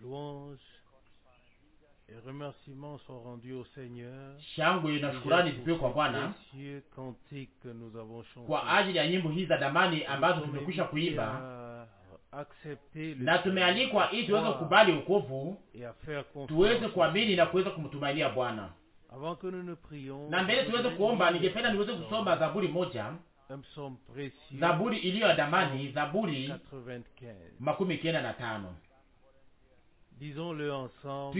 Louange et remerciements sont rendus au Seigneur shangwe na shukurani zipewe kwa bwana kwa ajili ya nyimbo hizi za damani ambazo tumekwisha kuimba na tumealikwa ili tuweze kukubali ukovu tuweze kuamini na kuweza kumtumainia bwana na mbele tuweze kuomba ningependa niweze kusoma zaburi moja zaburi iliyo ya damani zaburi makumi kenda na tano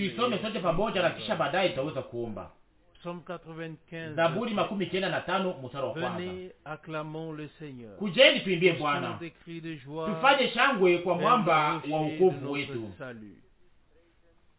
tuisome sote pamoja na kisha baadaye tutaweza kuomba. Zaburi makumi kenda na tano mstari wa kwanza. Kujeni tuimbie Bwana, tufanye shangwe kwa mwamba wa wokovu wetu.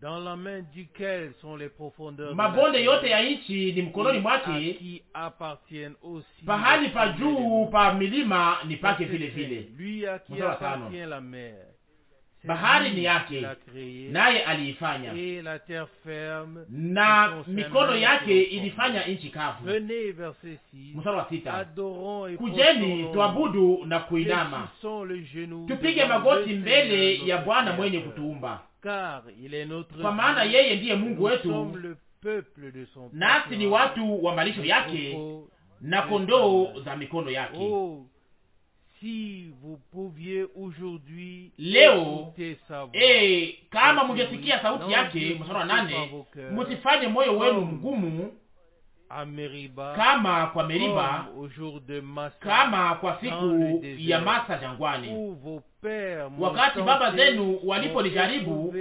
Dans la main duquel sont les profondeurs. Mabonde yote ya nchi ni mkononi mwake. appartiennent aussi. Pahali pa juu pa milima ni pake vile vile. Lui qui appartient la mer. Bahari ni yake naye aliifanya, na mikono yake ilifanya nchi kavu. Mstari wa sita: kujeni tuabudu na kuinama, tupige magoti mbele ya Bwana mwenye kutuumba Car il est notre kwa maana yeye ndiye Mungu wetu, nasi ni watu wa malisho yake na kondoo za mikono yake. Oh, si vous pouviez aujourd'hui leo eh, kama mungesikia sauti yake, mstari nane, msifanye moyo wenu mgumu Meriba, kama kwa Meriba, kama kwa siku ya masa jangwani, wakati baba zenu waliponijaribu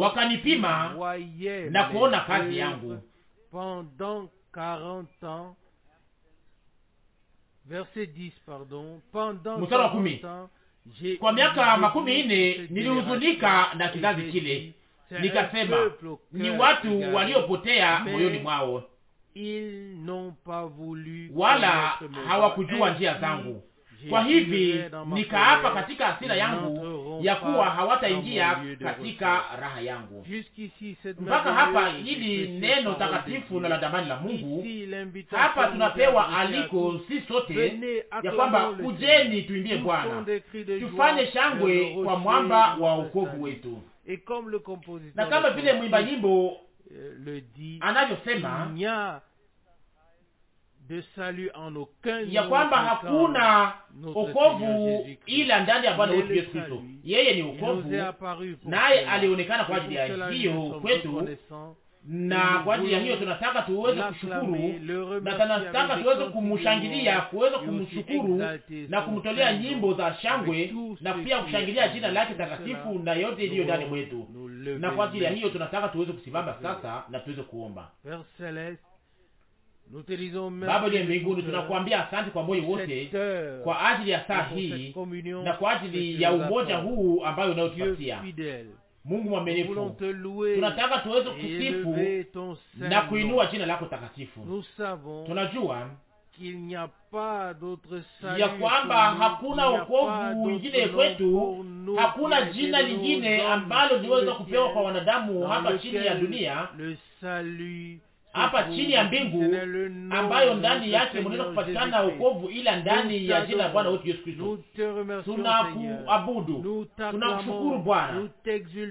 wakanipima na kuona kazi yangu kwa miaka makumi nne nilihuzunika na kizazi kile, nikasema ni watu waliopotea moyoni mwao wala hawakujua njia mmh. zangu. Kwa hivi nikaapa katika hasira yangu ya kuwa hawataingia katika raha yangu. Mpaka hapa, hili neno takatifu na la damani la Mungu. Hapa tunapewa aliko si sote ya kwamba kujeni, tuimbie Bwana, tufanye shangwe kwa mwamba wa ukovu wetu, na kama vile mwimba nyimbo Euh, le dit anavyosema ya kwamba hakuna okovu ila ndani ya Bwana wetu Yesu Kristo. Yeye ni okovu, naye alionekana kwa ajili ya hiyo kwetu, na kwa ajili ya hiyo tunataka tuweze kushukuru na tunataka tuweze kumshangilia, kuweza kumshukuru na kumtolea nyimbo za shangwe na pia kushangilia jina lake takatifu na yote iliyo ndani mwetu na kwa ajili ya hiyo tunataka tuweze kusimama sasa na tuweze kuomba. Baba uliye mbinguni, tunakuambia asante kwa moyo wote kwa ajili ya saa hii na kwa ajili ya umoja huu ambayo unayotupatia Mungu mwaminifu, tunataka tuweze kusifu na kuinua jina lako takatifu. Tunajua ya kwamba hakuna wokovu mwingine kwetu, hakuna jina lingine ambalo liweza kupewa kwa wanadamu hapa chini ya dunia, hapa chini ya mbingu, ambayo ndani yake mnaweza kupatikana wokovu, ila ndani ya jina la Bwana wetu Yesu Kristo. Tunakuabudu, tunakushukuru Bwana,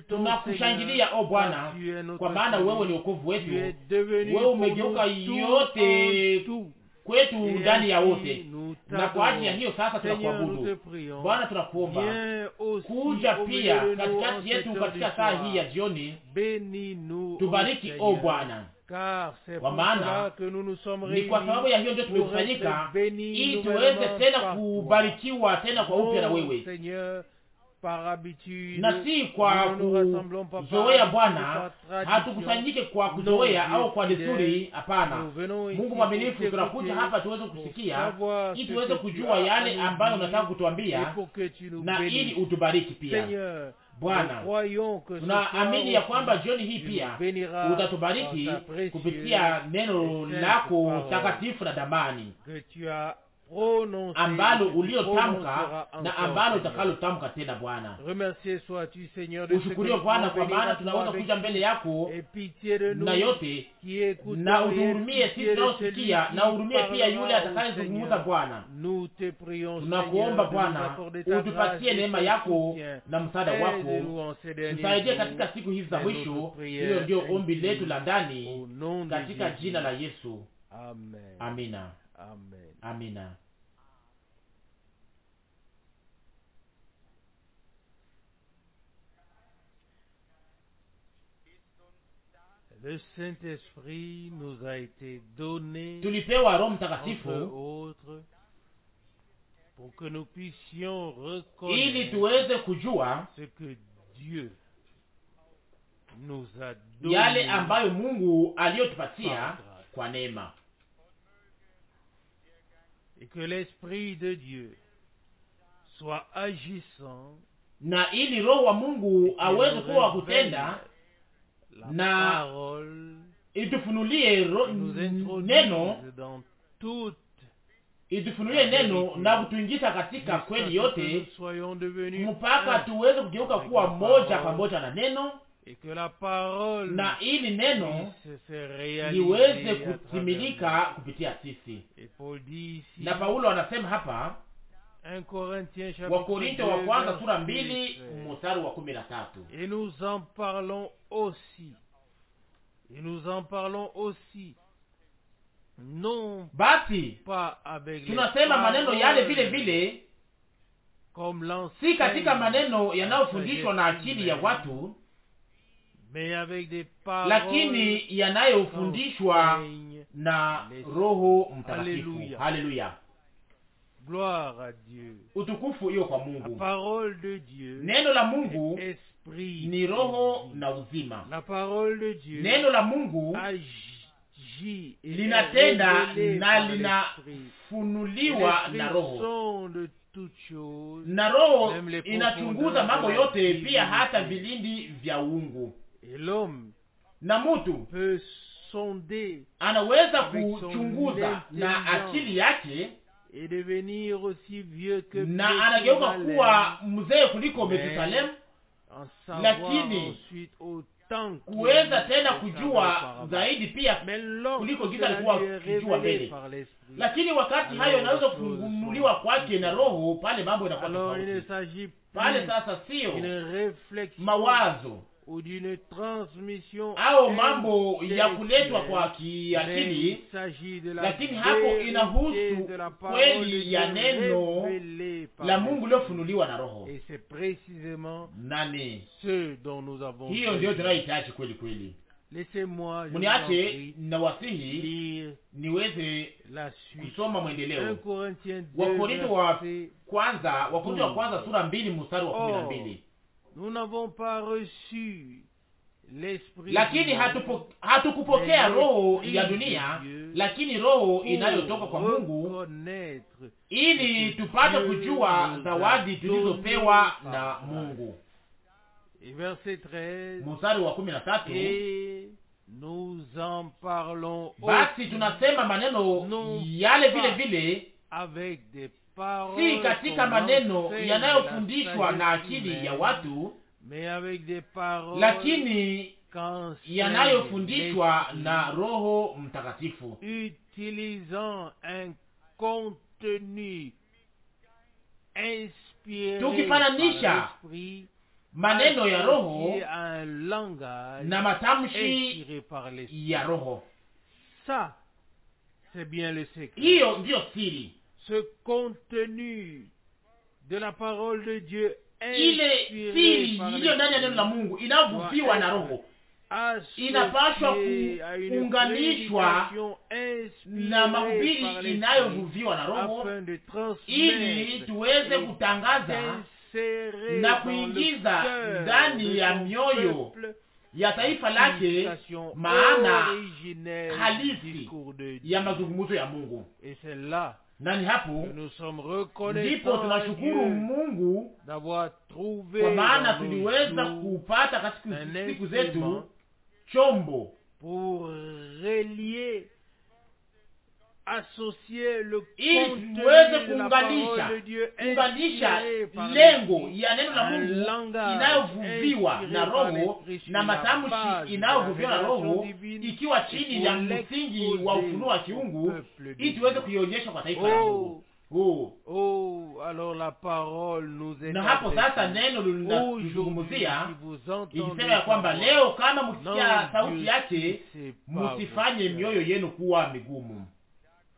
tunakushangilia o oh Bwana, kwa maana wewe ni wokovu wetu, wewe umegeuka yote kwetu ndani ya wote, na kwa ajili ya hiyo sasa tunakuabudu Bwana. Tunakuomba kuja pia katikati yetu katika saa hii ya jioni, tubariki o oh Bwana, kwa maana ni kwa sababu ya hiyo ndio tumekusanyika, ili tuweze tena kubarikiwa tena kwa upya na oh wewe na si kwa kuzowea Bwana, hatukusanyike kwa kuzowea au kwa desturi. Hapana, Mungu mwaminifu, tunakuja hapa tuweze kusikia, ili tuweze kujua yale ambayo unataka kutuambia na ili utubariki pia. Bwana, tunaamini ya kwamba jioni hii pia utatubariki kupitia neno lako takatifu na damani ambalo uliotamka na ambalo utakalotamka tena. Bwana, ushukuriwe Bwana, kwa maana tunaweza kuja mbele yako na yote, na utuhurumie sisi tunaosikia, na uhurumie pia yule atakayezungumza. Bwana, tunakuomba Bwana utupatie neema yako na msaada wako, tusaidie katika siku hizi za mwisho. Hiyo ndio ombi letu la ndani katika jina la Yesu. Amen. Amina. Amen. Amina. Le Saint Esprit nous a été donné tulipewa Roho Mtakatifu ili tuweze kujua ce que Dieu nous a donné yale ambayo Mungu aliyotupatia kwa neema, et que l'esprit de Dieu soit agissant, na ili Roho wa Mungu aweze kuwa kutenda na itufunulie neno itufunulie neno na kutuingiza katika kweli yote, mpaka tuweze kugeuka kuwa moja pamoja na neno na ili neno liweze kutimilika kupitia sisi. Na Paulo anasema hapa Wakorintho wa kwanza sura mbili mstari wa kumi na tatu. Et nous en parlons aussi. Et nous en parlons aussi. Non, basi tunasema maneno yale vile vile, si katika maneno yanayofundishwa na akili ya watu, lakini yanayofundishwa na Roho Mtakatifu. Haleluya! Gloire à Dieu. Utukufu iyo kwa Mungu. La parole de Dieu. Neno la Mungu esprit ni roho na uzima. La parole de Dieu. Neno la Mungu linatenda na linafunuliwa na roho. Na roho inachunguza mambo yote, pia hata vilindi vya uungu. Na mutu anaweza kuchunguza na akili yake na anageuka kuwa mzee kuliko Metusalemu, lakini kuweza tena kujua zaidi pia kuliko giza alikuwa kijua mbele, lakini wakati hayo inaweza kufunguliwa kwake na Roho pale mambo inakuwa tofauti. Pale sasa sio mawazo au mambo ya kuletwa kwa kiakili, lakini hapo inahusu kweli ya neno la Mungu lofunuliwa na Roho. Nani hiyo ndio tunayohitaji kweli kweli. Muniache na wasihi niweze kusoma mwendeleo Wakorintho wa kwanza, Wakorintho wa kwanza sura mbili mstari wa kumi na mbili lakini hatukupokea hatu roho ya dunia, lakini roho inayotoka kwa Mungu, ili tupate kujua zawadi tulizopewa na Mungu. Mstari wa kumi na tatu. Nous en parlons basi tunasema maneno yale vile vile avec des si katika maneno yanayofundishwa na akili ya watu, lakini yanayofundishwa na Roho Mtakatifu tukifananisha maneno ya Roho na matamshi ya Roho. Hiyo ndiyo siri ce contenu de la parole de Dieu iliyo ndani ya neno la Mungu inayovuviwa na Roho inapaswa kuunganishwa na mahubiri inayovuviwa na Roho ili tuweze kutangaza na kuingiza ndani ya mioyo ya taifa lake maana halisi ya mazungumzo ya Mungu, nani hapo ndipo tunashukuru Mungu kwa maana tuliweza kupata katika siku zetu chombo pour relier ili tuweze kuunganisha kuunganisha lengo ya neno la Mungu inayovuviwa na Roho na matamshi inayovuviwa na Roho, ikiwa chini ya msingi wa ufunuo wa kiungu, ili tuweze kuionyesha kwa taifa la Mungu. Oh. oh. Oh, alors la parole nous est na hapo sasa neno linazungumzia ikisema ya kwamba leo kama mkisikia sauti yake msifanye mioyo yenu kuwa migumu.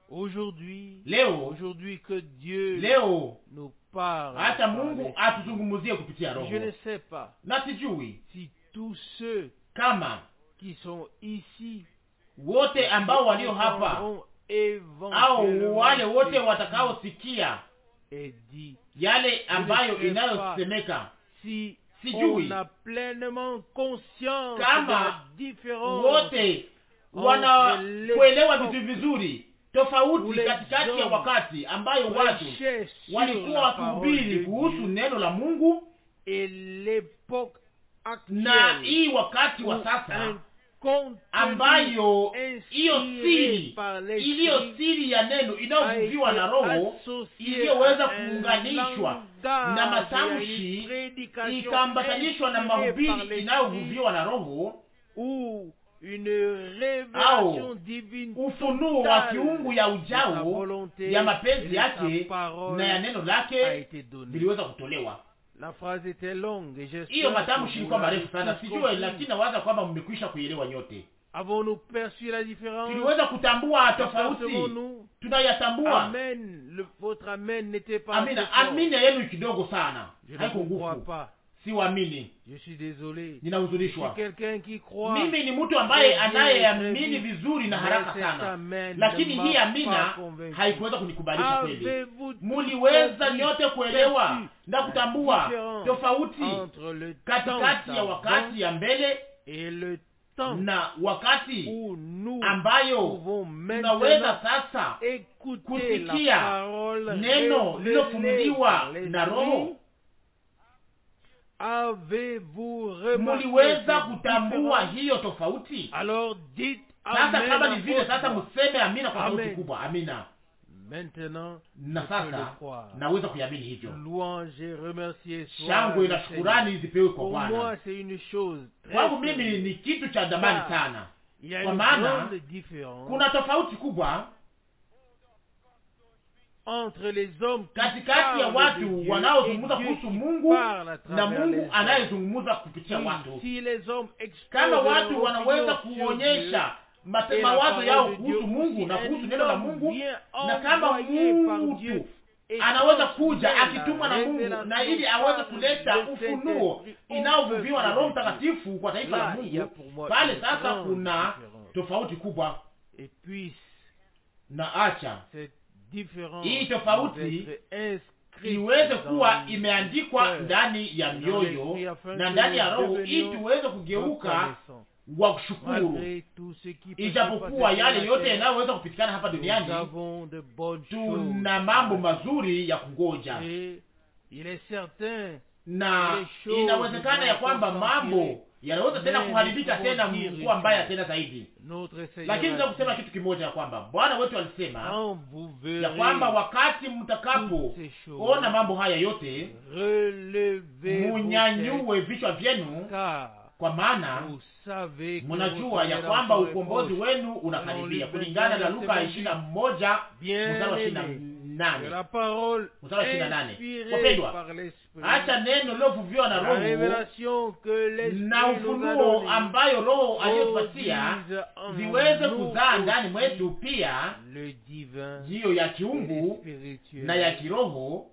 Aujourd'hui, leo aujourd'hui que Dieu leo nous parle, hata Mungu atuzungumuzie kupitia Roho. Je ne sais pas, na sijui si tous ceux kama qui sont ici wote ambao walio hapa au wale wote watakaosikia yale ambayo inayosemeka si sijui pleinement kama wote wanakuelewa vitu vizuri tofauti katikati ya wakati ambayo watu walikuwa wakihubiri kuhusu neno la Mungu na hii wakati wa sasa ambayo hiyo siri iliyo siri ya neno inayovuviwa na Roho iliyoweza kuunganishwa na matamshi ikaambatanishwa na mahubiri inayovuviwa na Roho au ufunuo wa kiungu ya ujao ya mapenzi yake na ya neno lake viliweza kutolewa. Hiyo matamshi ilikuwa marefu sana, sijue, lakini nawaza kwamba mmekwisha kuielewa nyote. Tuliweza kutambua tofauti, tunayatambua. Amina, amina yenu kidogo sana, haiko ngufu siwaamini. Ninahuzunishwa. Mimi ni mtu ambaye anayeamini vizuri na haraka sana, lakini hii amina haikuweza kunikubalisha kweli. Muliweza nyote kuelewa na kutambua tofauti katikati ya wakati ya mbele na wakati ambayo tunaweza sasa kusikia neno lililofunuliwa na Roho muliweza kutambua hiyo tofauti? Sasa kama ni vile, sasa museme amina kwa sauti kubwa, amina. Na sasa naweza kuiamini hivyo. Shangwe na shukurani zipewe kwa Bwana. Kwangu mimi ni kitu cha dhamani ah, sana, kwa maana kuna tofauti kubwa katikati ya watu wanaozungumza kuhusu Mungu na Mungu anayezungumza kupitia watu. Kama watu wanaweza kuonyesha mawazo yao kuhusu Mungu na kuhusu neno la Mungu, na kama mtu anaweza kuja akitumwa na Mungu na ili aweze kuleta ufunuo inayovuviwa na Roho Mtakatifu kwa taifa la Mungu, pale sasa kuna tofauti kubwa. Na acha hii tofauti iweze kuwa imeandikwa ndani ya mioyo na ndani ya roho, ili tuweze kugeuka wa kushukuru. Ijapokuwa yale yote yanayoweza kupitikana hapa duniani, tuna mambo mazuri ya kungoja, na inawezekana ya kwamba mambo yanaweza tena kuharibika tena kuwa mbaya tena zaidi. Lakini naweza kusema kitu kimoja, ya kwamba Bwana wetu alisema ya kwamba wakati ona mambo haya yote, munyanyue vichwa vyenu, kwa maana mnajua ya kwamba ukombozi wenu unakaribia, kulingana na Luka ishirini na moja mstari wa ishirini na nane mstari wa ishirini na nane Wapendwa, acha neno lilovuviwa na Roho na ufunuo ambayo Roho aliyotupatia ziweze kuzaa ndani mwetu pia jiyo ya kiungu na ya kiroho,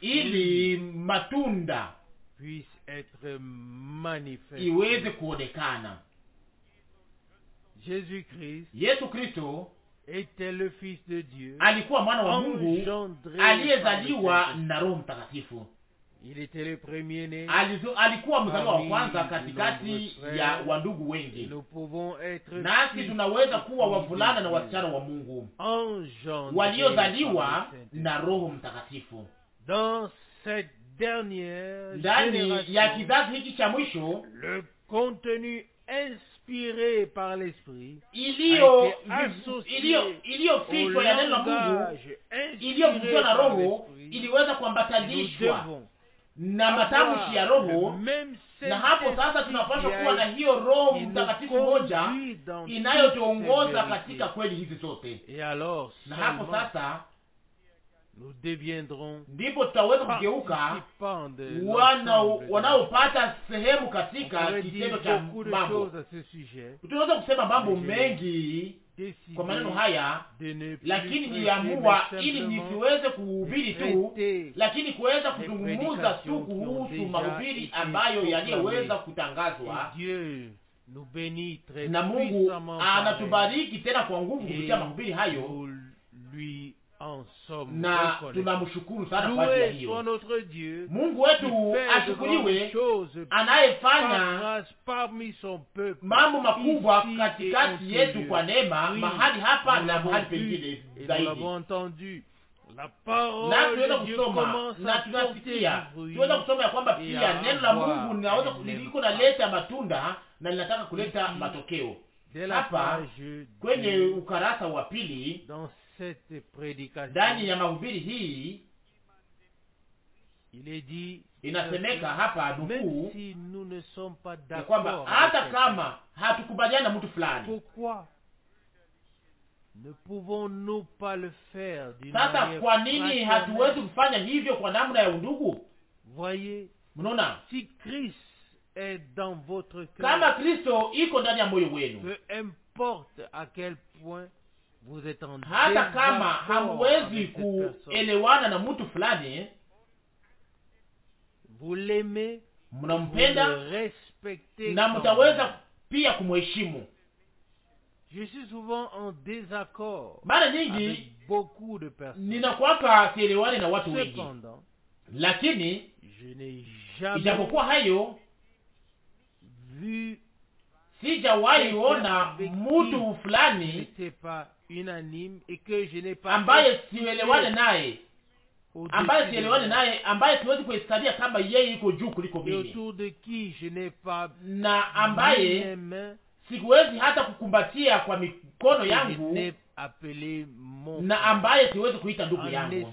ili matunda iweze kuonekana. Yesu Kristo alikuwa mwana wa Mungu aliyezaliwa na Roho Mtakatifu. Alikuwa mzaliwa wa kwanza katikati ya wandugu wengi, nasi tunaweza kuwa wavulana na wasichana wa Mungu waliozaliwa na Roho Mtakatifu. Ndani ya kizazi hiki cha mwisho, le contenu inspiré par l'esprit, iliyofichwa ya neno la Mungu iliyofichwa na Roho iliweza kuambatanishwa na matamshi ya Roho, na hapo sasa tunapaswa kuwa na hiyo Roho Mtakatifu moja inayotuongoza katika kweli hizi zote, na hapo sasa nous deviendrons ndipo tutaweza kugeuka wanaopata sehemu katika kitendo cha mambo. Tunaweza kusema mambo mengi kwa maneno haya, lakini niliamua ili nisiweze kuhubiri tu, lakini kuweza kuzungumuza tu kuhusu mahubiri ambayo yaliyoweza kutangazwa na Mungu anatubariki tena kwa nguvu kupitia mahubiri hayo na tunamshukuru sana kwa ajili hiyo. Mungu wetu ashukuriwe, anayefanya mambo makubwa katikati yetu kwa neema, mahali hapa na mahali pengine zaidi na tuweza kusoma na tunasikia, tuweza kusoma ya kwamba pia neno la Mungu linaweza liko leta matunda na linataka kuleta matokeo. Hapa kwenye ukarasa wa pili ndani ya mahubiri hii inasemeka hapa nukuu ya kwamba hata kama hatukubaliana na mtu fulani, sasa kwa nini hatuwezi kufanya hivyo kwa namna ya undugu? Mnaona, kama Kristo iko ndani ya moyo wenu, peu importe a quel point hata kama hamwezi kuelewana na mtu fulani, eh, mnampenda na mtaweza pia kumheshimu. Mara nyingi ninakwaka sielewani na watu wengi, lakini ijapokuwa hayo sijawahi ona mtu fulani unanime et que je n'ai pas ambaye sielewane naye ambaye sielewane naye ambaye siwezi kuhesabia kama yeye yuko juu kuliko mimi autour de qui je n'ai pas na ambaye sikuwezi hata kukumbatia kwa mikono yangu na ambaye siwezi kuita ndugu yangu,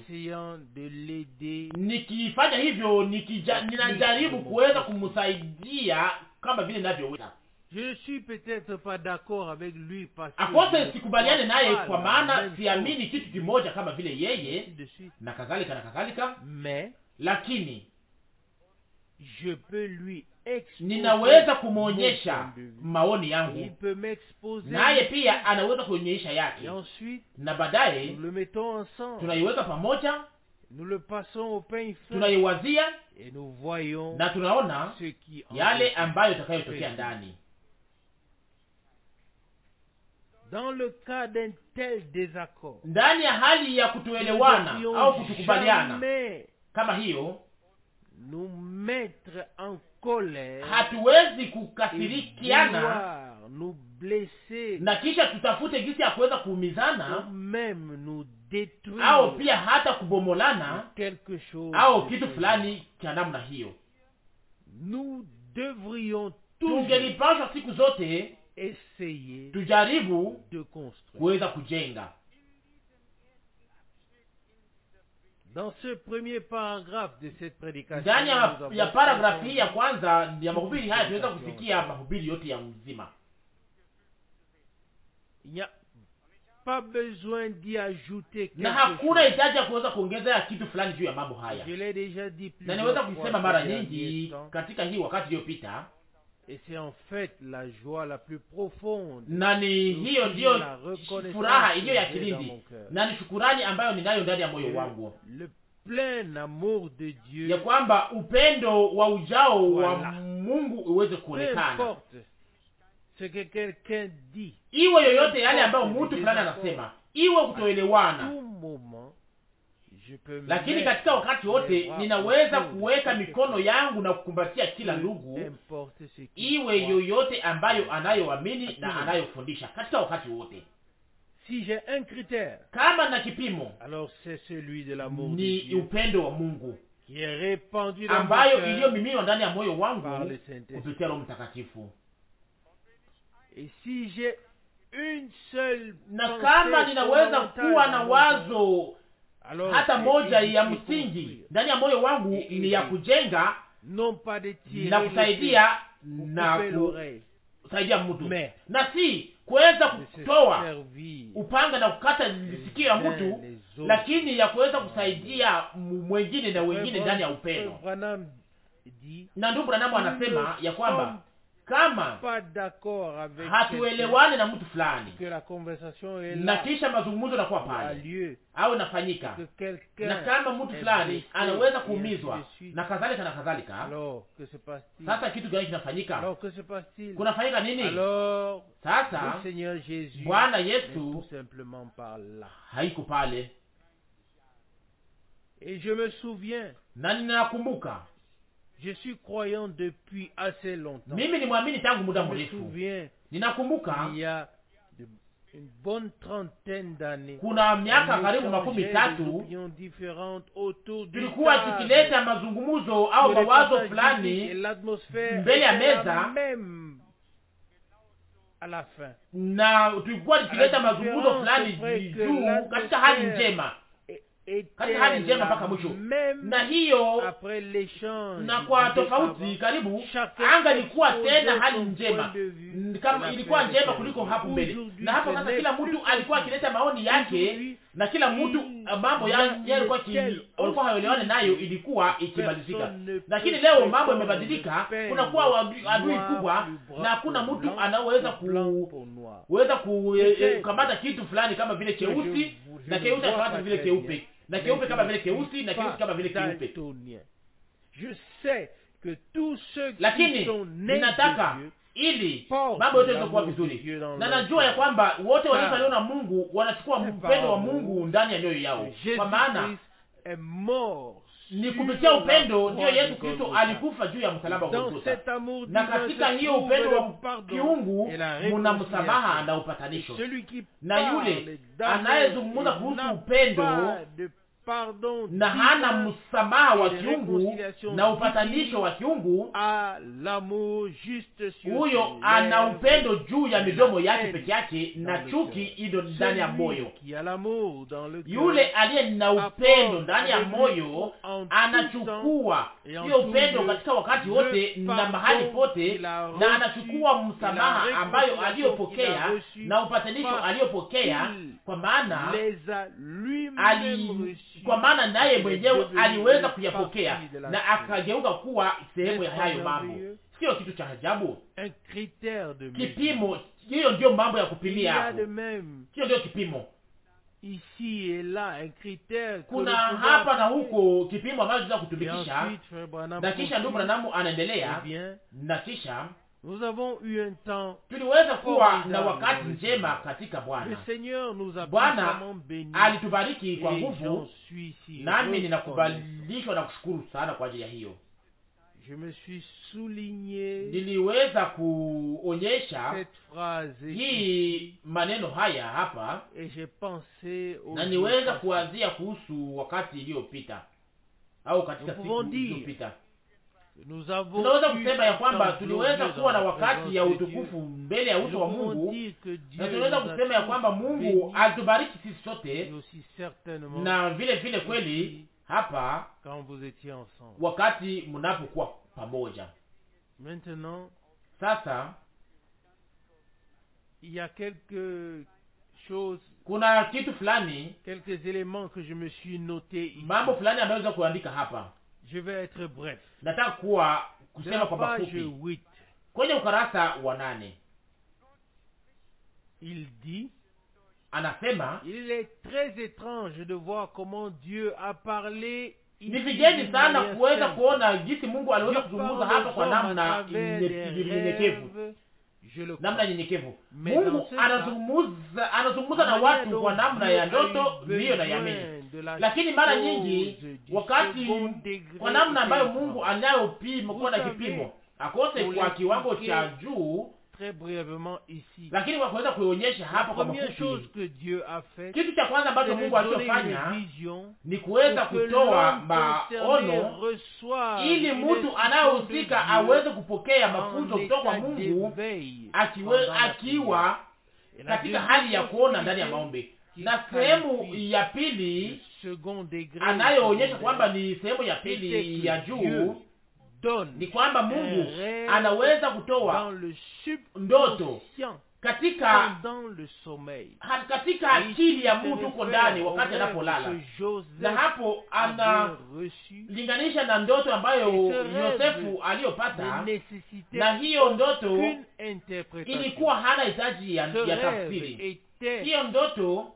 nikifanya hivyo, nikija ninajaribu kuweza kumsaidia kama vile ninavyoweza. Je suis peut-être pas d'accord avec lui parce que akose sikubaliane naye kwa maana siamini kitu kimoja kama vile yeye na kadhalika na kadhalika, lakini je peux lui ninaweza kumwonyesha maoni yangu, naye pia anaweza kuonyesha yake, na baadaye tunaiweka pamoja, tunaiwazia na tunaona yale ambayo itakayotokea ndani Dans le cas d'un tel désaccord, ndani ya hali ya kutuelewana au kutukubaliana kama hiyo, nous mettre en colère, hatuwezi kukasirikiana nous blesser, na kisha tutafute jinsi ya kuweza kuumizana même nous détruire, au pia hata kubomolana quelque chose au kitu fulani cha namna hiyo. Nous devrions, tungelipasha siku zote tujaribu kuweza kujenga ndani ya hii ya kwanza ya mahubiri haya tunaweza kusikia mahubiri yote ya mzima. Na hakuna hitaji ya kuweza kuongeza kitu fulani juu ya mambo haya, na niweza kusema mara nyingi katika hii wakati iliyopita na ni hiyo ndiyo furaha iliyo ya kilindi na ni shukurani ambayo ninayo ndani ya moyo wangu ya kwamba upendo wa ujao voilà. wa Mungu uweze kuonekana iwe yoyote yale ambayo mtu fulani anasema, iwe kutoelewana lakini katika wakati wote ninaweza kuweka mikono yangu na kukumbatia kila ndugu, iwe yoyote ambayo anayoamini na anayofundisha katika wakati wote. Si un critère, kama na kipimo celui de ni upendo wa Mungu qui est ambayo iliyomimiwa ndani ya moyo wangu kupitia Roho Mtakatifu. si na kama ninaweza kuwa na wazo hata moja ya msingi ndani ya moyo wangu ni ya kujenga na kusaidia na kusaidia mtu na si kuweza kutoa upanga na kukata sikio ya mtu, lakini ya kuweza kusaidia mwengine na wengine ndani ya upendo. Na ndugu Branamu anasema ya kwamba kama hatuelewane na mtu fulani na kisha mazungumzo yanakuwa pale au inafanyika, na kama mtu fulani anaweza kuumizwa na kadhalika na kadhalika, sasa kitu gani kinafanyika? Kunafanyika nini sasa? Bwana Yesu haiko pale, na ninakumbuka Je suis croyant depuis assez longtemps. Mimi ni mwamini tangu muda mrefu. Ninakumbuka il y a une bonne trentaine d'années. Kuna miaka karibu makumi tatu tulikuwa tukileta mazungumzo au mawazo fulani mbele ya meza à la fin. Na tulikuwa tukileta mazungumzo fulani juu katika hali njema katika hali njema mpaka mwisho. Na hiyo na kwa tofauti karibu anga ilikuwa tena hali njema, kama ilikuwa njema kuliko hapo mbele, na hapo sasa kila mtu alikuwa akileta maoni yake na kila mtu mambo yeye alikuwa alikuwa nayo ilikuwa ikibadilika, lakini leo mambo yamebadilika. Kunakuwa adui kubwa, na kuna mtu anaweza kuweza kukamata kitu fulani kama vile cheusi na cheusi kama vile cheupe na cheupe kama vile keusi na cheusi kama vile keupe lakini ninataka ili mambo yote yaweze vizuri, na najua ya kwamba wote walizaliwa na Mungu wanachukua upendo wa Mungu ndani ya nyoyo yao, kwa maana ni kupitia upendo ndiyo Yesu Kristo alikufa juu ya msalaba wa Golgotha, na katika hiyo upendo wa kiungu muna msamaha na upatanisho, na yule anayezungumza kuhusu upendo na hana msamaha wa kiungu na upatanisho wa kiungu. Huyo ana upendo juu ya midomo yake peke yake na chuki ido ndani ya moyo. Yule aliye na upendo ndani ya moyo anachukua hiyo upendo katika wakati wote na mahali pote, na anachukua msamaha ambayo aliyopokea na upatanisho aliyopokea, kwa maana kwa maana naye mwenyewe aliweza kuyapokea na akageuka kuwa sehemu ya hayo mambo. Sio kitu cha ajabu, kipimo hiyo ndio mambo ya kupimia hapo, hiyo ndio kipimo. Ici et là, un critère kuna hapa na huko kipimo ambacho tunaweza kutumikisha, na kisha ndugu Branamu anaendelea eh na kisha Nous avons eu un temps tuliweza kuwa na wakati njema katika Bwana. Bwana alitubariki kwa nguvu, nami ninakubalishwa na kushukuru sana kwa ajili ya hiyo. Niliweza kuonyesha hii maneno haya hapa, na niweza kuanzia kuhusu wakati iliyopita au katika siku iliyopita tunaweza kusema ya kwamba tuliweza kuwa na wakati ya utukufu mbele ya uso wa Mungu, na tunaweza kusema ya kwamba Mungu atubariki sisi sote, na vile vile kweli hapa wakati mnapokuwa pamoja. Sasa kuna kitu fulani, mambo fulani ameweza kuandika hapa Je vais être bref. Nataka kuwa kusema kwa mafupi. Kwenye ukarasa wa nane il dit anasema, il est très étrange de voir comment Dieu a parlé. Ni vigeni sana kuweza kuona jinsi Mungu aliweza kuzungumza hapa kwa namna nyenyekevu, namna nyenyekevu. Mungu anazungumza anazungumza na watu kwa namna ya ndoto, ndiyo na yamini lakini mara nyingi wakati kwa namna ambayo Mungu anayopima kuwa na kipimo akose kwa kiwango cha juu Ici. Lakini wakuweza kuweza kuionyesha hapa kwa mafupi, kitu cha kwanza ambacho Mungu alichofanya ni kuweza kutoa maono ili mtu anayehusika aweze kupokea mafunzo kutoka kwa Mungu akiwa katika hali ya kuona ndani ya maombi na sehemu ya pili anayoonyesha kwamba ni sehemu ya pili ya juu ni kwamba Mungu anaweza kutoa ndoto katika katika akili ya mtu huko ndani wakati anapolala, na hapo analinganisha na ndoto ambayo Yosefu aliyopata, na hiyo ndoto ilikuwa hana hitaji ya, ya tafsiri. Hiyo ndoto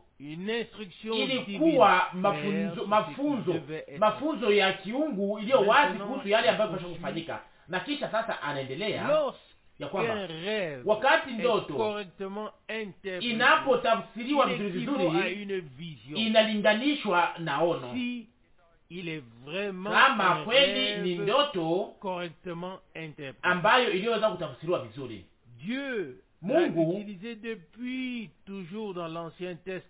ilikuwa mafunzo mafunzo mafunzo ya kiungu iliyo wazi kuhusu yale ambayo pasha kufanyika. Na kisha sasa anaendelea ya kwamba wakati ndoto inapotafsiriwa vizuri vizuri, inalinganishwa na ono kama kweli ni ndoto ambayo iliyoweza kutafsiriwa vizuri Dieu Mungu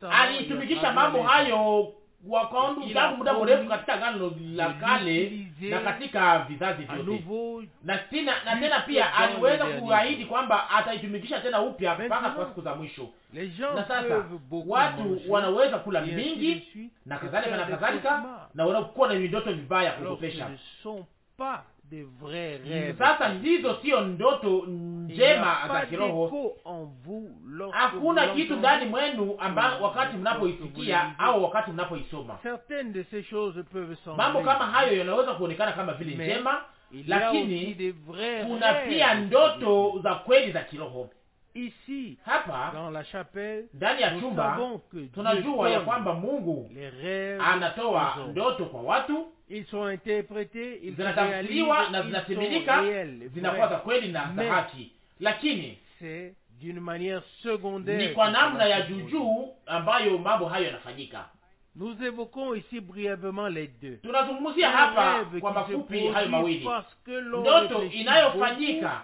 alitumikisha mambo hayo tangu muda mrefu katika gano la Kale na katika vizazi vyote, na tena pia aliweza kuahidi kwamba ataitumikisha tena upya mpaka kwa siku za mwisho. Na sasa watu wanaweza kula mingi na kadhalika na kadhalika, na wanakuwa na vindoto vibaya kukopesha sasa ndizo sio ndoto njema za kiroho. Hakuna kitu ndani mwenu amba wakati mnapoisikia au wakati mnapoisoma mambo kama hayo, yanaweza kuonekana kama vile njema, lakini kuna pia ndoto za kweli za kiroho. Ici hapa dans la chapelle, ndani ya chumba tunajua ya kwamba Mungu anatoa ndoto kwa watu, zinatafsiriwa na zinatimilika, zinakuwa za kweli na za haki, lakini ni kwa namna ya juujuu ambayo mambo hayo yanafanyika. Nous évoquons ici brièvement les deux. Tunazungumzia hapa kwa mafupi hayo mawili, ndoto inayofanyika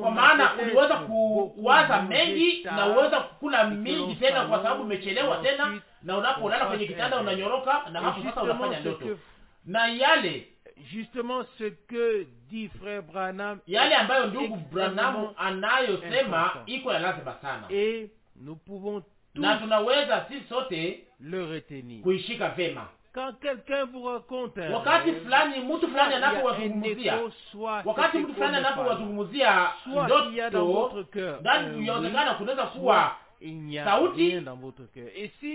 kwa maana uliweza kuwaza mengi na uweza kukula mingi tena, kwa sababu umechelewa tena, na unapolala kwenye kitanda unanyoroka, na hapo sasa unafanya ndoto na yale justement ce que dit frère Branham, yale ambayo ndugu Branham anayosema iko ya lazima sana, et nous pouvons na tunaweza sisi sote le retenir, kuishika vema. Quand quelqu'un vous raconte, wakati fulani mtu fulani anapowazungumzia, wakati mtu fulani anapowazungumzia ndoto, ndani kunaweza kuwa sauti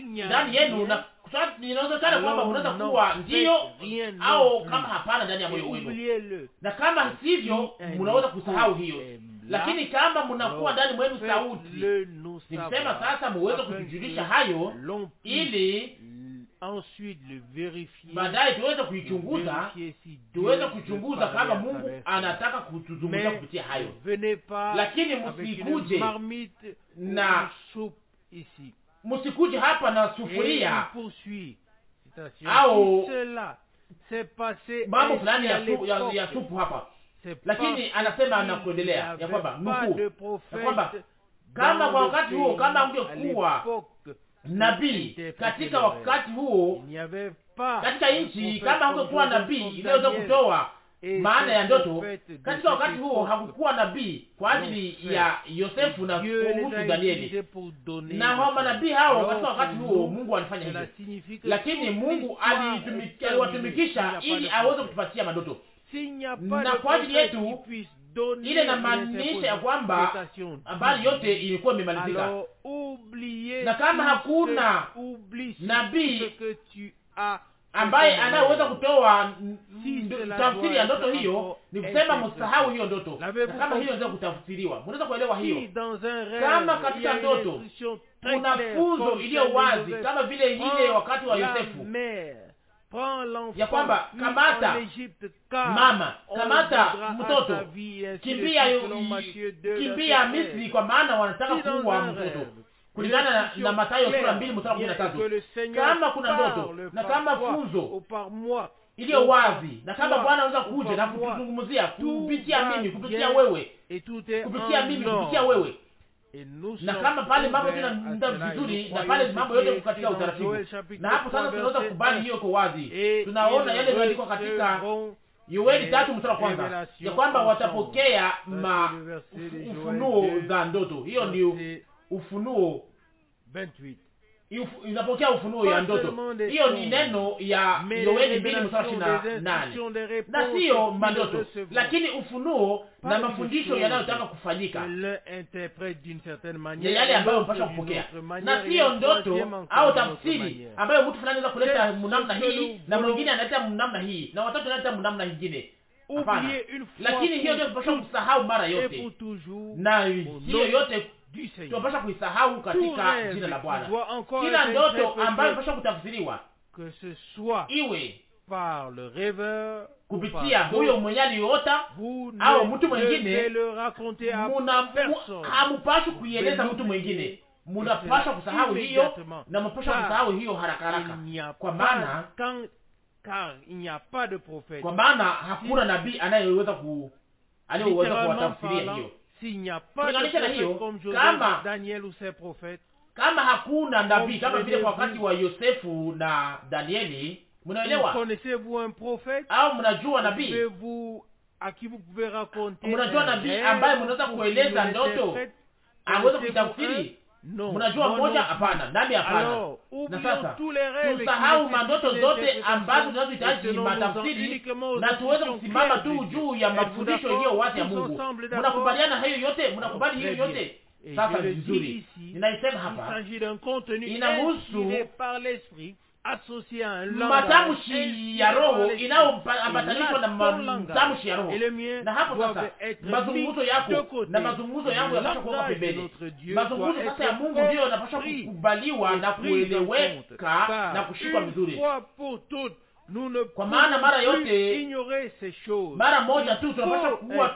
ndani yenu, inawezekana kwamba unaweza kuwa ndiyo au kama hapana ndani ya moyo wenu, na kama sivyo, mnaweza kusahau hiyo lakini kama mnakuwa ndani mwenu sauti, nikisema sasa muweze kujijulisha hayo ili baadaye tuweze kuichunguza, tuweze kuchunguza kama Mungu anataka kutuzungumza kupitia hayo, lakini msikuje na msikuje hapa na sufuria au mambo fulani ya supu hapa. Lakini anasema anakuendelea ya kwamba nuku ya kwamba kama kwa wakati huo, kama ungekuwa nabii katika wakati huo katika nchi, kama hakukuwa nabii iliyoweza kutoa maana ya ndoto katika wakati huo, hakukuwa nabii kwa ajili ya Yosefu na kuhusu Danieli na hao manabii hao. Katika wakati huo Mungu alifanya hivyo, lakini Mungu aliwatumikisha ili aweze kutupatia madoto na kwa ajili yetu ile namaanisha ya kwamba habari hmm. yote ilikuwa imemalizika, na kama hakuna nabii ambaye anayeweza kutoa tafsiri ya ndoto hiyo, ni kusema msahau hiyo ndoto. Kama hiyo inaweza kutafsiriwa, mnaweza kuelewa hiyo. Kama katika ndoto kuna funzo iliyo wazi, kama vile ile wakati wa Yosefu ya kwamba kamata mama, kamata mtoto, kimbia kimbia Misri, kwa maana wanataka kuua mtoto kulingana na Mathayo sura mbili mstari kumi na tatu. Kama kuna ndoto na kama funzo iliyo wazi na kama Bwana anaweza kuja na kutuzungumzia kupitia mimi, kupitia wewe, kupitia mimi, kupitia wewe na kama pale mambo tena muda vizuri na pale mambo yote katika utaratibu, na hapo sasa tunaweza kukubali hiyo kwa wazi. Tunaona yale yaliyoandikwa katika Yoeli tatu eh, mstari wa kwanza ya kwamba watapokea ma ufunuo za ndoto. Hiyo ndio ufunuo inapokea ufunuo ya ndoto. Hiyo ni neno ya Yoeli mbili mstari ishirini na nane na siyo mandoto, lakini ufunuo na mafundisho yanayotaka kufanyika ni yale ambayo mpasha kupokea, na siyo ndoto au tafsiri ambayo mtu fulani anaweza kuleta mnamna hii na mwingine analeta mnamna hii na watatu analeta mnamna ingine Hapana, lakini hiyo ndio mpasha kusahau mara yote, na hiyo yote tunapasha kuisahau katika jina la Bwana. Kila ndoto ambayo pasha kutafsiriwa iwe par le rêveur kupitia huyo mwenye aliota au mtu mwengine, hamupashi kuieleza mtu mwengine, munapasha kusahau hiyo na mnapasha kusahau hiyo haraka haraka, kwa maana kwa maana hakuna nabii anayeweza ku aliyeweza kuwatafsiria hiyo Daniel ou ses kama kama hakuna nabii kama vile kwa wakati wa Yosefu na Danieli, mnaelewa au mnajua nabii mnajua nabii ambaye mnaweza kueleza ndoto, Anaweza kutafsiri? No, mnajua moja? Hapana, no. Nami hapana. Na sasa tusahau mandoto zote ambazo tunazohitaji matafsiri na tuweze kusimama tu juu ya mafundisho iliyo wazi ya Mungu. Mnakubaliana hayo yote? Mnakubali hiyo yote? Sasa vizuri, ninaisema hapa, inahusu matamshi ya roho inayoambatanishwa na matamshi ya roho. Na hapo sasa mazungumzo yako na mazungumzo yangu yanapaswa kuweka pembeni. Mazungumzo sasa ya Mungu ndiyo yanapaswa kukubaliwa na kueleweka na kushikwa vizuri kwa maana mara yote, mara moja tu tunapaswa kuwa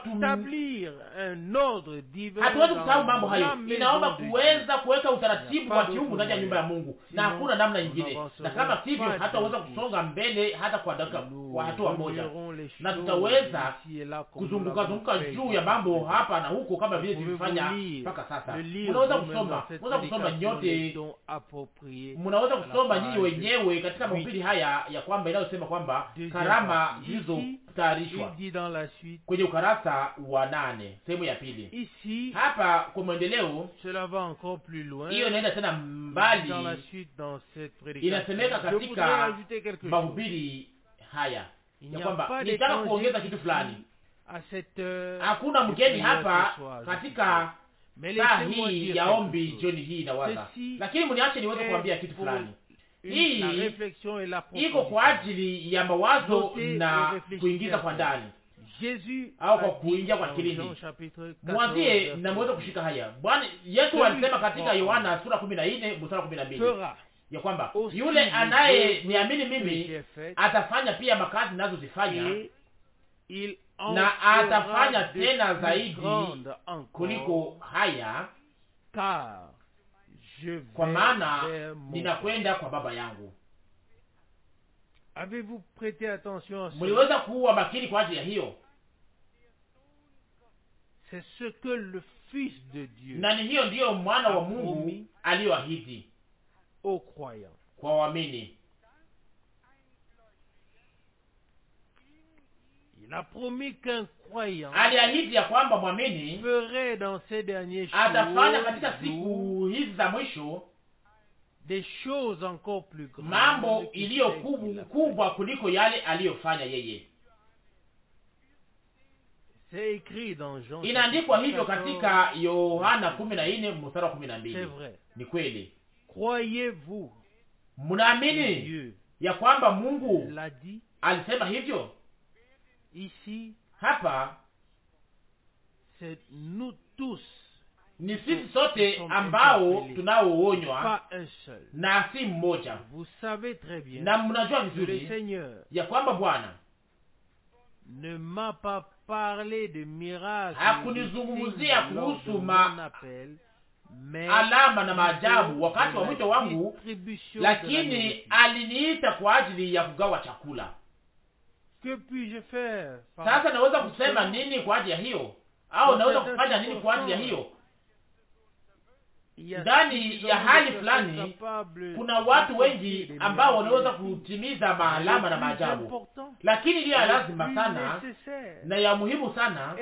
hatuwezi kusahau mambo hayo. Inaomba kuweza kuweka utaratibu wa kiungu ndani ya nyumba ya Mungu, na hakuna namna nyingine, na kama sivyo hatutaweza kusonga mbele hata kwa dakika, kwa hatua moja, na tutaweza kuzunguka zunguka juu ya mambo hapa na huko, kama vile tulifanya mpaka sasa. Mnaweza kusoma, mnaweza kusoma nyote, mnaweza kusoma nyinyi wenyewe katika mahubiri haya ya kwamba inayosema kwamba karama zilizotayarishwa kwenye ukarasa wa nane sehemu ya pili. Hapa kwa mwendeleo hiyo inaenda tena mbali, inasemeka katika mahubiri haya ya kwamba nitaka kuongeza kitu fulani. Euh, Hakuna mgeni hapa katika saa hii ya ombi jioni hii na waza, lakini mniache niweze kuambia kitu fulani hii iko kwa ajili ya mawazo na kuingiza kwa ndani au kwa kuingia kwa kilindi. Mwazie na kushika haya. Bwana Yesu alisema katika Yohana sura kumi na nne mstari kumi na mbili ya kwamba yule anaye niamini mimi atafanya pia makazi nazozifanya na atafanya tena zaidi kuliko haya, car kwa maana ninakwenda kwa baba yangu. Avez-vous prêté attention à ce... Mliweza kuwa makini kwa ajili ya hiyo. C'est ce que le fils de Dieu. Na ni hiyo ndiyo mwana wa Mungu aliyoahidi. Au croyant. Kwa waamini. aliahidi ya kwamba mwamini atafanya katika siku hizi za mwisho mambo iliyo kubwa kuliko yale aliyofanya yeye. Inaandikwa hivyo katika Yohana kumi na nne mstari wa kumi na mbili. Ni kweli, mnaamini ya kwamba Mungu alisema hivyo? ici hapa c'est nous tous ni sisi sote ambao tunaoonywa na si mmoja. Na mnajua vizuri ya kwamba Bwana hakunizungumzia kuhusu ma alama na maajabu wakati wa mwito wangu, lakini aliniita kwa ajili ya kugawa chakula sasa naweza kusema nini kwa ajili ya hiyo, au naweza kufanya nini kwa ajili ya hiyo? Ndani ya hali fulani kuna watu wengi ambao wanaweza kutimiza maalama na maajabu, lakini iliyo ya lazima sana na ya muhimu sana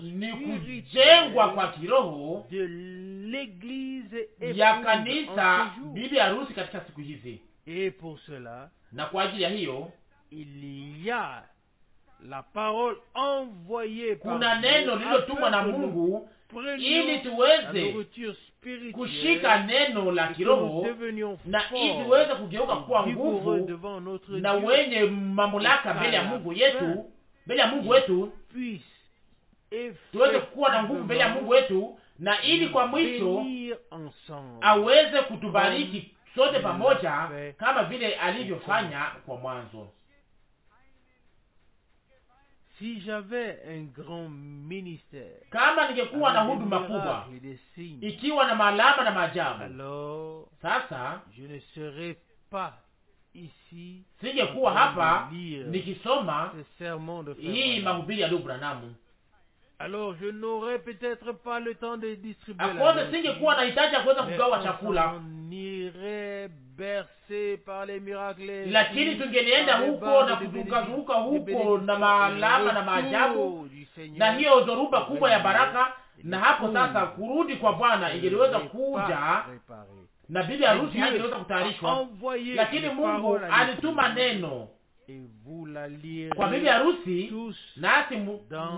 ni kujengwa kwa kiroho ya kanisa bibi harusi katika siku hizi, na kwa ajili ya hiyo il y a la parole envoyée par kuna neno lililotumwa na Mungu ili tuweze kushika neno la kiroho na ili tuweze kugeuka kuwa nguvu na wenye mamlaka mbele ya Mungu yetu, mbele ya Mungu wetu, tuweze kuwa na nguvu mbele ya Mungu wetu, na ili kwa mwisho aweze kutubariki sote pamoja kama vile alivyofanya kwa mwanzo. Si j'avais un grand ministère, kama ningekuwa na huduma kubwa ikiwa na maalama na maajabu, sasa je ne serais pas ici, singekuwa hapa nikisoma hii mahubiri ya ndugu Branamu. Alors je n'aurais peut-être pas le temps de distribuer, singekuwa na hitaji ya kuweza kugawa chakula lakini tungenienda huko na kuzunguka huko na maalama na maajabu, na hiyo dhoruba kubwa ya baraka. Na hapo sasa kurudi kwa Bwana ingeliweza kuja na bibi harusi hangeweza kutayarishwa, lakini Mungu alituma neno kwa bibi harusi, nasi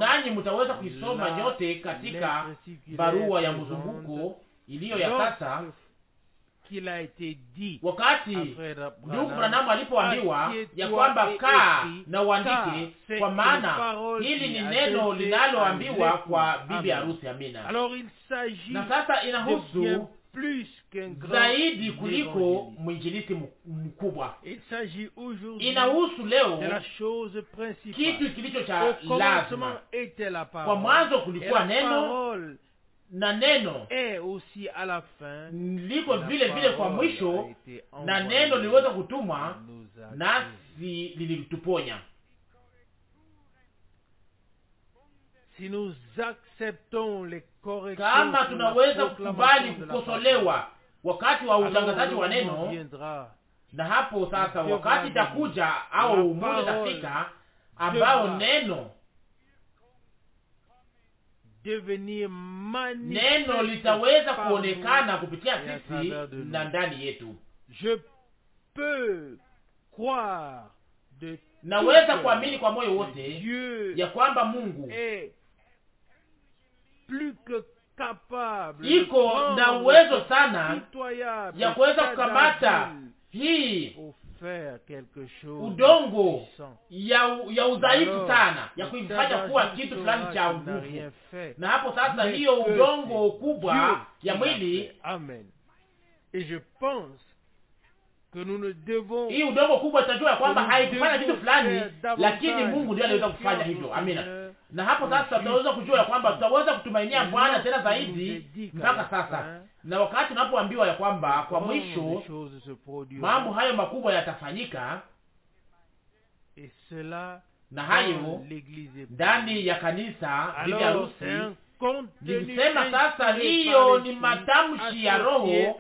nanyi mutaweza kuisoma nyote katika barua ya mzunguko iliyo ya sasa wakati ndugu Branamu alipoambiwa ya kwamba e- kaa na uandike, kwa maana hili ni neno linaloambiwa kwa bibi harusi. Amina. Na sasa inahusu zaidi kuliko mwinjilisi mkubwa, inahusu leo kitu kilicho cha lazima. Kwa mwanzo kulikuwa neno na neno eh, liko vile vile kwa mwisho, na neno liliweza kutumwa nasi lilituponya. Si nous acceptons les corrections, kama tunaweza kukubali kukosolewa wakati wa utangazaji wa neno, na hapo sasa wakati itakuja au muda utafika ambao neno neno litaweza kuonekana kupitia sisi na ndani yetu. Je peux croire de naweza kuamini kwa moyo wote ya kwamba Mungu iko na uwezo sana ya kuweza kukamata hii udongo ya, ya udhaifu sana ya kuifanya kuwa kitu fulani cha nguvu, na hapo sasa hiyo udongo kubwa ya mwili Amen. Et je pense hii udongo kubwa tunajua ya kwamba haikufanya kitu fulani, lakini Mungu ndiye aliweza kufanya hivyo. Amina. Na hapo sasa tunaweza kujua ya kwamba tutaweza kutumainia Bwana tena zaidi mpaka sasa, na wakati tunapoambiwa ya kwamba kwa mwisho mambo hayo makubwa yatafanyika, na hayo ndani ya kanisa bibi harusi Nilisema sasa hiyo ni matamshi ya roho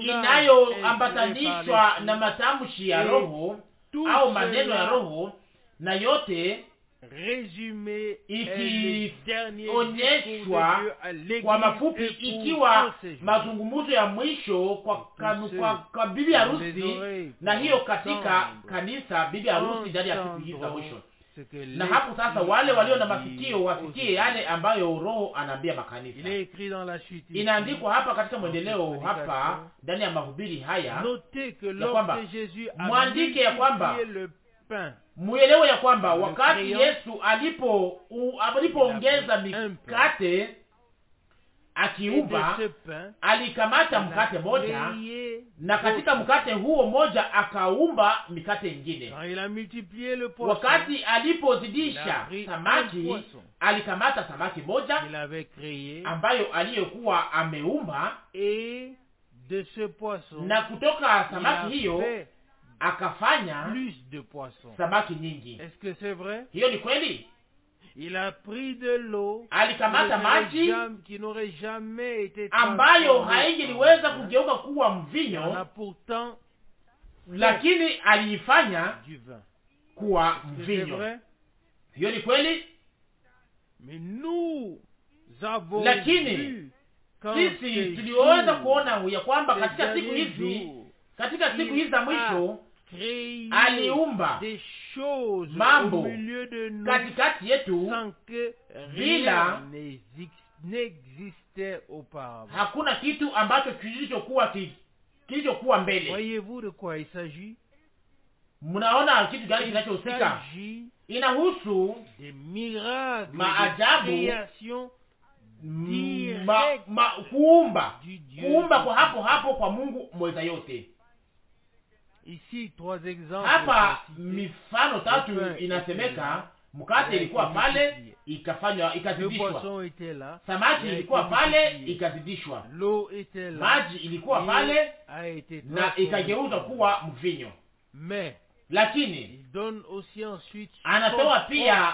inayoambatanishwa na matamshi ya roho au maneno ya roho, na yote ikionyeshwa kwa mafupi, ikiwa mazungumzo ya mwisho kwa bibi harusi, na hiyo katika kanisa bibi harusi ndani ya siku hizi za mwisho na hapo sasa wale walio na masikio wasikie yale ambayo Roho anaambia makanisa. Inaandikwa hapa katika mwendeleo hapa ndani ya mahubiri haya ya kwamba mwandike ya kwamba muelewe ya kwamba wakati Yesu alipo alipoongeza mikate akiumba, alikamata mkate moja na katika mkate huo moja akaumba mikate ingine. Wakati alipozidisha samaki, alikamata samaki moja ambayo aliyokuwa ameumba, na kutoka samaki hiyo akafanya samaki nyingi. Hiyo ni kweli? pris alikamata maji ambayo haingeliweza kugeuka kuwa mvinyo, lakini aliifanya kuwa mvinyo. Hiyo ni kweli, lakini sisi tuliweza kuona ya kwamba katika siku hizi, katika siku hizi za mwisho aliumba mambo katikati yetu bila hakuna kitu ambacho kilichokuwa kilichokuwa mbele. Mnaona kitu gani kinachohusika? Inahusu maajabu kuumba kuumba kwa hapo hapo kwa Mungu mweza yote. Ici, trois exemples hapa mifano tatu inasemeka mkate ilikuwa pale ikafanywa ikazidishwa, samaki ilikuwa pale ikazidishwa, maji ilikuwa pale na ikageuzwa kuwa mvinyo. Lakini anatoa pia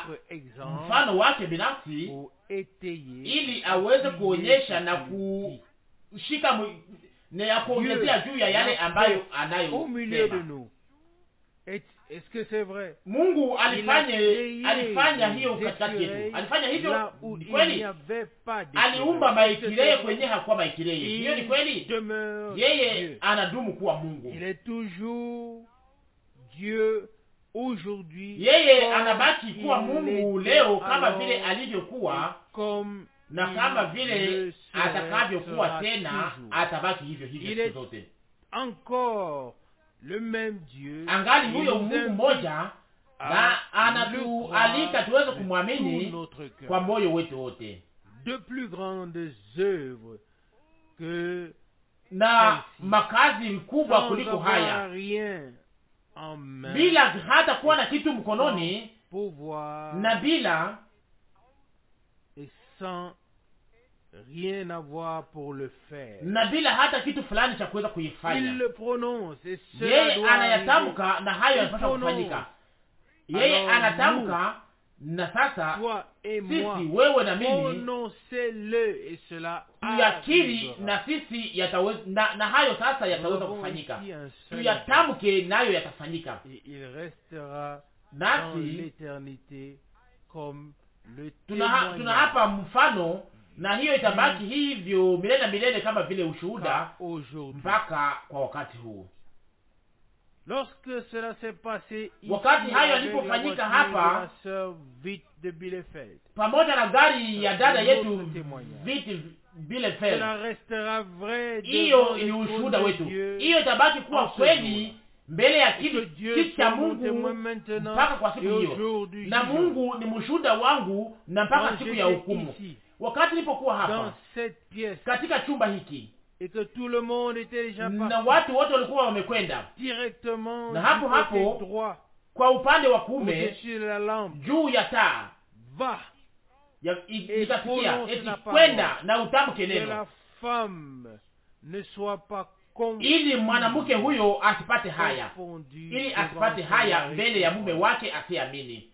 mfano wake binafsi ili aweze kuonyesha na kushika na ya kuongezea juu ya yale ambayo anayosema. Mungu alifanye alifanya hiyo katikati yetu, alifanya hivyo kweli. Aliumba maikiree kwenye hakuwa maikiree, hiyo ni kweli. Yeye anadumu kuwa Mungu, yeye anabaki kuwa Mungu leo kama vile alivyokuwa na kama vile atakavyokuwa tena, atabaki hivyo hivyo siku zote. Angali huyo Mungu mmoja, na anatualika tuweze kumwamini kwa moyo wetu wote de plus grandes oeuvres que na makazi mkubwa kuliko haya, bila hata kuwa na kitu mkononi na bila sans rien avoir pour le faire. na bila hata kitu fulani cha kuweza kuifanya. Il le prononce et cela doit anayatamka na hayo yanapaswa kufanyika. Yeye anatamka na sasa sisi, wewe na mimi prononcez-le et cela tuyakiri, na sisi yataweza na, na hayo sasa yataweza kufanyika. Tuyatamke nayo yatafanyika, Il restera nasi Tuna, tuna hapa mfano na hiyo mm-hmm. itabaki hivyo milele na milele kama vile ushuhuda mpaka kwa wakati huu. Wakati hayo alipofanyika hapa pamoja na gari ya dada yetu viti hiyo ni ushuhuda wetu, hiyo itabaki kuwa kweli mbele ya kitu kitu cha Mungu mpaka kwa siku hiyo, na Mungu ni mshuhuda wangu na mpaka siku ya hukumu. Wakati nilipokuwa hapa katika chumba hiki Et que tout le monde était déjà parti. na watu wote walikuwa wamekwenda directement, na hapo hapo kwa upande wa kuume juu ya taa va ikasikia eti kwenda na utamke neno ne pas ili mwanamke huyo asipate haya, ili asipate haya mbele ya mume wake asiamini.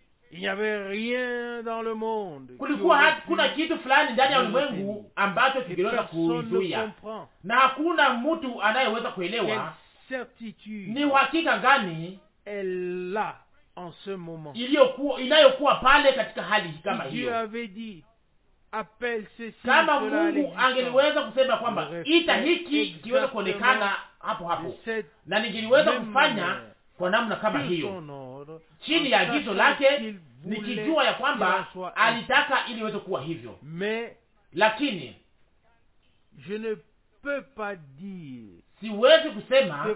Kulikuwa hakuna kitu fulani ndani ya ulimwengu ambacho kingeweza kuzuia, na hakuna mtu anayeweza kuelewa ni uhakika gani iliyokuwa inayokuwa pale katika hali kama hiyo. Kama Mungu angeliweza kusema kwamba ita hiki kiweze kuonekana hapo hapo, na ningeliweza kufanya kwa namna kama hiyo, chini ya agizo lake, nikijua ya kwamba alitaka ili iweze kuwa hivyo, lakini je ne peux pas dire siwezi kusema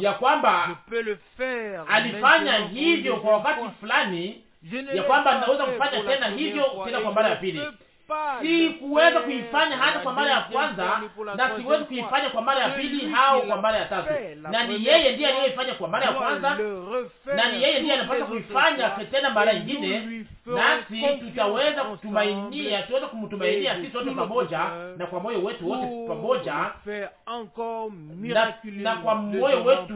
ya kwamba alifanya hivyo kwa wakati fulani ya kwamba ninaweza kufanya tena hivyo tena kwa mara ya pili. Si kuweza eh, kuifanya hata kwa mara ya kwanza, na siwezi kuifanya kwa mara ya pili au kwa mara ya tatu, na ni yeye ndiye aliyeifanya kwa mara ya kwanza, na ni yeye ndiye anapaswa kuifanya tena mara nyingine nasi tutaweza kutumainia, tuweze kumtumainia sisi wote pamoja na kwa moyo wetu wote pamoja na, na kwa moyo wetu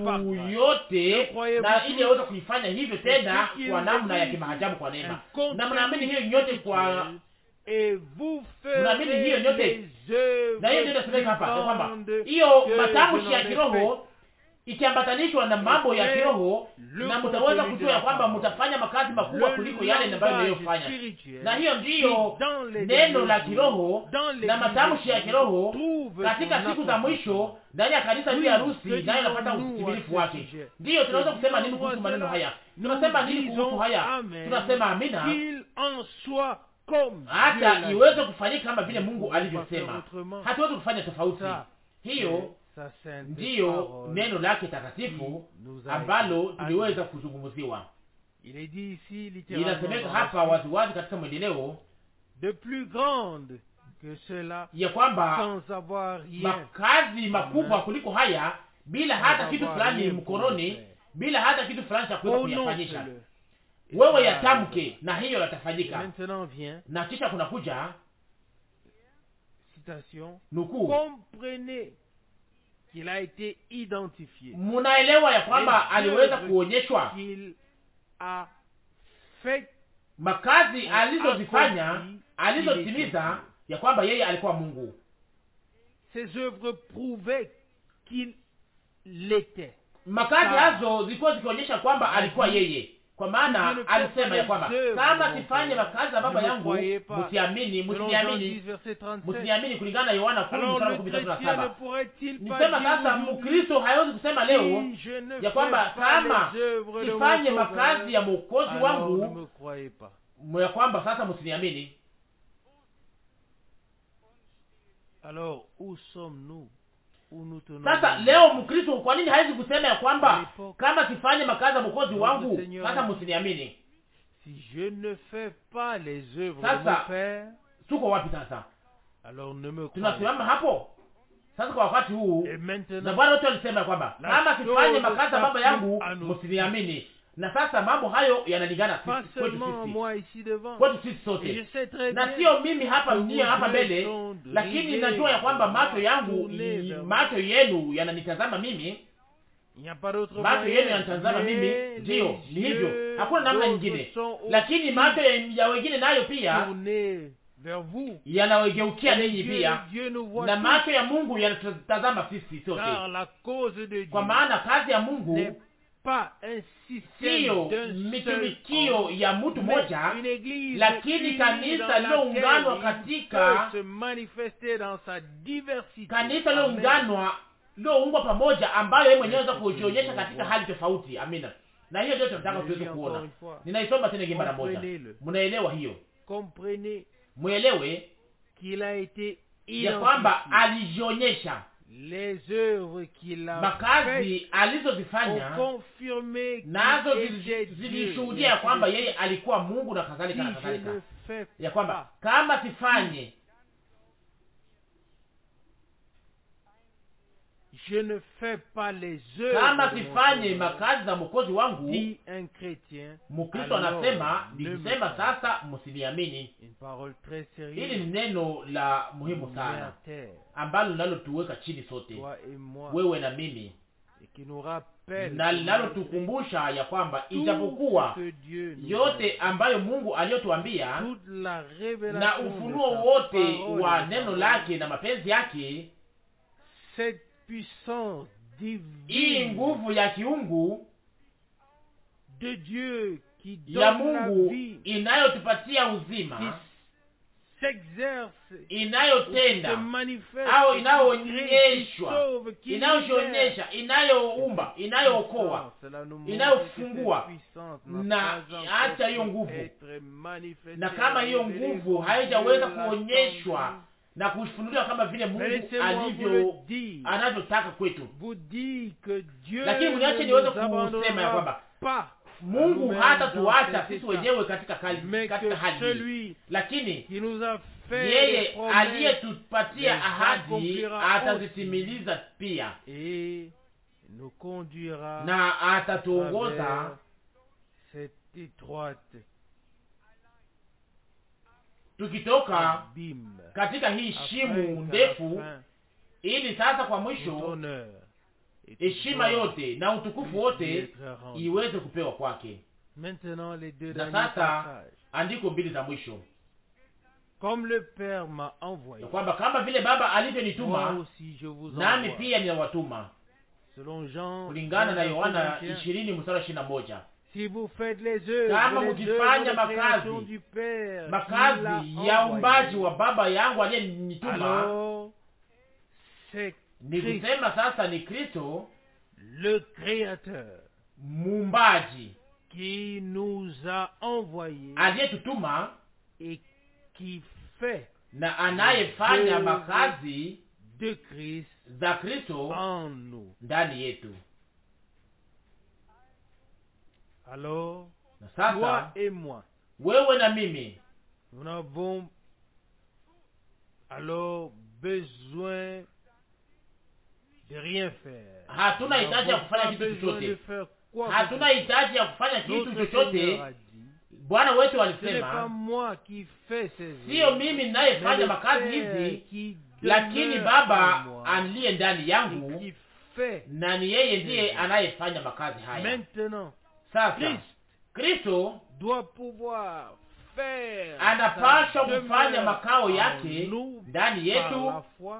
yote, na ili aweze kuifanya hivyo tena kwa namna ya kimaajabu kwa neema, na mnaamini hiyo nyote kwa mnaamini hiyo nyote, na hiyo ndio inasemeka hapa kwamba hiyo matamshi ya kiroho ikiambatanishwa na mambo ya kiroho, na mtaweza kujua ya kwamba mtafanya makazi makubwa kuliko yale ambayo mnayofanya. Na hiyo ndiyo neno la kiroho na matamshi ya kiroho katika siku za mwisho ndani ya kanisa hili harusi, nayo inapata utimilifu wake. Ndiyo tunaweza kusema nini kuhusu maneno haya? Tunasema nini kuhusu haya? Tunasema amina hata iweze kufanyika kama vile Mungu alivyosema. Hatuwezi kufanya tofauti hiyo ndiyo neno lake takatifu ambalo tuliweza kuzungumziwa. Inasemeka hapa waziwazi katika mwendeleo ya kwamba makazi makubwa kuliko haya, bila hata kitu fulani mkoroni, bila hata kitu fulani cha kuweza kuyafanyisha. Wewe yatamke na hiyo yatafanyika. Na kisha kuna kuja nukuu munaelewa ya kwamba aliweza kuonyeshwa makazi alizozifanya alizotimiza, ya kwamba yeye alikuwa Mungu. Makazi hazo zilikuwa zikionyesha kwamba alikuwa yeye kwa maana alisema ya kwamba kama sifanye makazi ya baba yangu, msiamini, msiniamini, msiniamini, kulingana na Yohana 10:17. Nisema sasa, Mkristo hawezi kusema leo ya kwamba kama sifanye makazi ya mwokozi wangu, ya kwamba sasa msiniamini. Alors, où sommes-nous? Sasa leo Mkristo, kwa nini hawezi kusema ya kwamba kama sifanye makazi ya mwokozi wangu, sasa msiniamini? Sasa tuko wapi sasa? Tunasimama hapo sasa kwa wakati huu, na Bwana wetu alisema ya kwamba kama sifanye makazi ya baba yangu, msiniamini na sasa mambo hayo yanalingana kwetu sisi sote, na sio mimi hapa mjia hapa mbele, lakini najua ya kwamba macho yangu, macho yenu yananitazama mimi, macho yenu yanatazama mimi. Ndiyo, ni hivyo, hakuna namna nyingine, lakini macho ya wengine nayo pia yanawegeukia ninyi pia, na macho ya Mungu yanatutazama sisi sote, kwa maana kazi ya Mungu pas un siyo mitumikio ya mtu mmoja, lakini kanisa lilounganwa katika kanisa lilounganwa liloungwa pamoja, ambayo yeye mwenyewe anaweza kujionyesha katika hali tofauti. Amina, na hiyo ndio tunataka tuweze kuona. Ninaisoma tena ingine mara moja, mnaelewa hiyo, mwelewe ya kwamba alijionyesha makazi alizozifanya nazo zilishuhudia ya kwamba yeye alikuwa Mungu na kadhalika na kadhalika, ya kwamba kama sifanye kama sifanye makazi za mokozi wangu, mukristo anasema nikusema sasa, msiniamini. Hili ni neno la muhimu sana ambalo tuweka chini sote, wewe na mimi, na linalotukumbusha ya kwamba ijapokuwa yote ambayo Mungu aliyotuambia na ufunuo wote wa neno lake na mapenzi yake hii nguvu ya kiungu de Dieu qui ya Mungu inayotupatia uzima inayotenda au inayoonyeshwa inayoonyesha inayoumba inayookoa inayofungua, na hata hiyo nguvu. Na kama hiyo nguvu haijaweza kuonyeshwa na kufunulia kama vile Mungu alivyo anavyotaka kwetu. Lakini mniache niweze kusema ya kwamba Mungu hata tuacha sisi wenyewe katika kali, katika hali, lakini yeye aliyetupatia ahadi atazitimiliza pia eh, na atatuongoza tukitoka katika hii shimu ndefu, ili sasa kwa mwisho heshima yote na utukufu wote iweze kupewa kwake. Na sasa andiko mbili za mwisho kwamba kama vile Baba alivyonituma nami pia ninawatuma, kulingana na Yohana ishirini mstari ishirini na moja. Si vous faites les œuvres, kama mkifanya makazi makazi ya umbaji wa baba yangu aliyenituma, ni kusema sasa ni Kristo le createur muumbaji qui nous a envoyé aliyetutuma et qui fait na anayefanya makazi de Christ za Kristo ndani yetu. Alo, na sasa wewe na mimi hatuna hitaji ya kufanya kitu chochote, hatuna hitaji ya kufanya kitu chochote. Bwana wetu alisema, sio mimi ninayefanya makazi hizi, lakini Baba aliye ndani yangu, na ni yeye ndiye anayefanya makazi haya. Sasa Kristo kufanya makao yake ndani yetu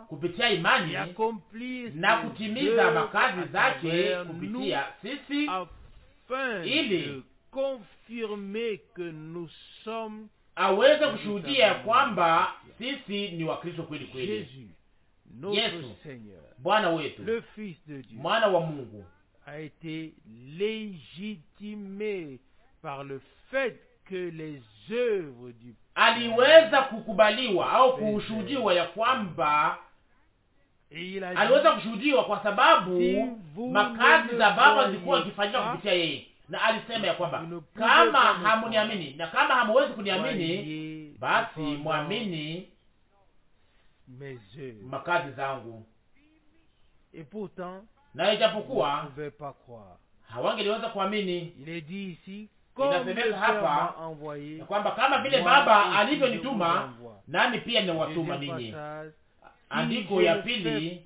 kupitia imani na kutimiza makazi zake kupitia sisi ili aweze kushuhudia kwamba sisi ni Wakristo kweli kweli. Yesu Bwana wetu, mwana wa Mungu a été légitimé par le fait que les œuvres du aliweza kukubaliwa au kushuhudiwa ya kwamba aliweza kushuhudiwa kwa sababu makazi za baba zilikuwa zikifanyika kupitia yeye, na alisema ya kwamba kama hamuniamini na kama hamuwezi kuniamini, basi mwamini makazi zangu na ijapokuwa hawangeliweza kuamini. Inasemeka hapa ya kwamba kama vile Baba alivyonituma nami pia ninawatuma ninyi. Andiko ya pili